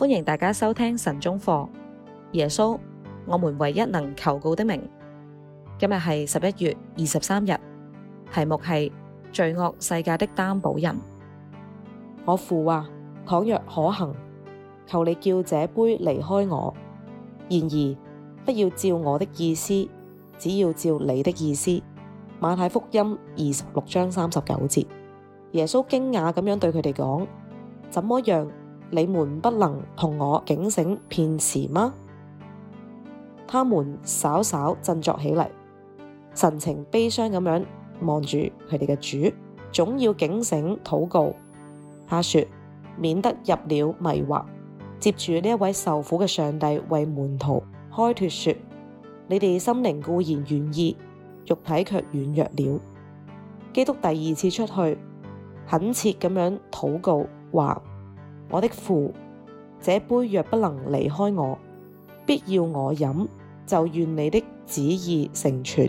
歡迎大家收聽晨鐘課。耶穌，我們唯一能求告的名。今日係十一月二十三日，題目係罪惡世界的擔保人。我父話：倘若可行，求你叫這杯離開我。然而，不要照我的意思，只要照你的意思。馬太福音二十六章三十九節。耶穌驚訝咁樣對佢哋講：怎麼樣？你們不能同我警醒片時嗎？他們稍稍振作起嚟，神情悲傷咁樣望住佢哋嘅主，總要警醒禱告。他說：免得入了迷惑。接住呢一位受苦嘅上帝為門徒開脱，説：你哋心靈固然願意，肉體卻軟弱了。基督第二次出去，懇切咁樣禱告，話。我的父，這杯若不能離開我，必要我飲，就願你的旨意成全。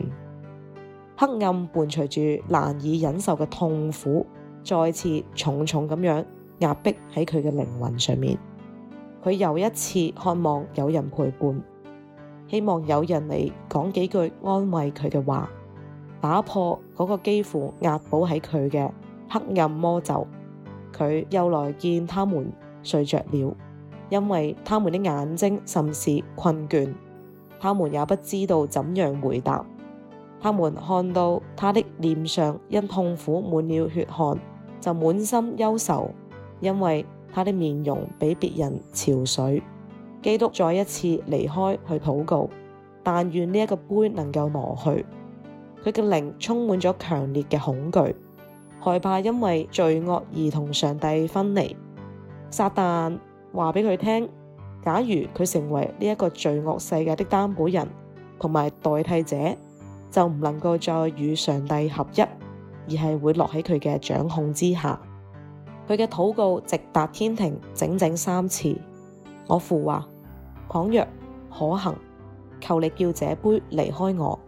黑暗伴隨住難以忍受嘅痛苦，再次重重咁樣壓迫喺佢嘅靈魂上面。佢又一次渴望有人陪伴，希望有人嚟講幾句安慰佢嘅話，打破嗰個幾乎壓倒喺佢嘅黑暗魔咒。佢又來見他們睡着了，因為他們的眼睛甚是困倦，他們也不知道怎樣回答。他們看到他的臉上因痛苦滿了血汗，就滿心憂愁，因為他的面容比別人憔悴。基督再一次離開去禱告，但願呢一個杯能夠挪去。佢嘅靈充滿咗強烈嘅恐懼。害怕因為罪惡而同上帝分離，撒旦話畀佢聽：假如佢成為呢一個罪惡世界的擔保人同埋代替者，就唔能夠再與上帝合一，而係會落喺佢嘅掌控之下。佢嘅禱告直達天庭整整三次。我父話：倘若可行，求你叫這杯離開我。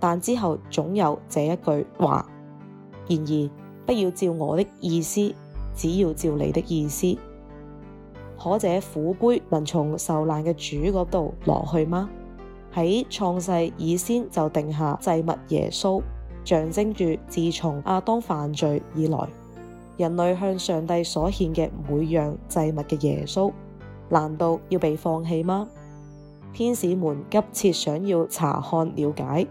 但之後總有這一句話。然而，不要照我的意思，只要照你的意思。可這苦杯能從受難嘅主嗰度攞去嗎？喺創世以先就定下祭物耶穌，象徵住自從亞當犯罪以來，人類向上帝所獻嘅每樣祭物嘅耶穌，難道要被放棄嗎？天使們急切想要查看了解。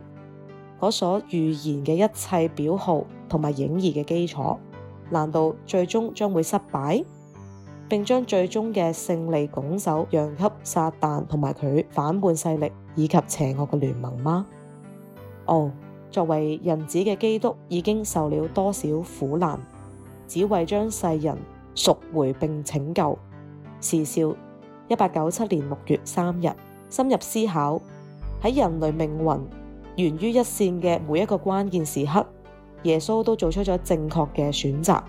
嗰所預言嘅一切表號同埋影兒嘅基礎，難道最終將會失敗？並將最終嘅勝利拱手讓給撒旦同埋佢反叛勢力以及邪惡嘅聯盟嗎？哦，作為人子嘅基督已經受了多少苦難，只為將世人贖回並拯救。時少，一八九七年六月三日，深入思考喺人類命運。源於一線嘅每一個關鍵時刻，耶穌都做出咗正確嘅選擇。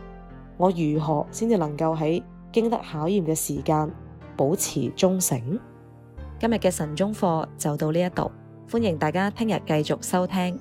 我如何先至能夠喺經得考驗嘅時間保持忠誠？今日嘅神中課就到呢一度，歡迎大家聽日繼續收聽。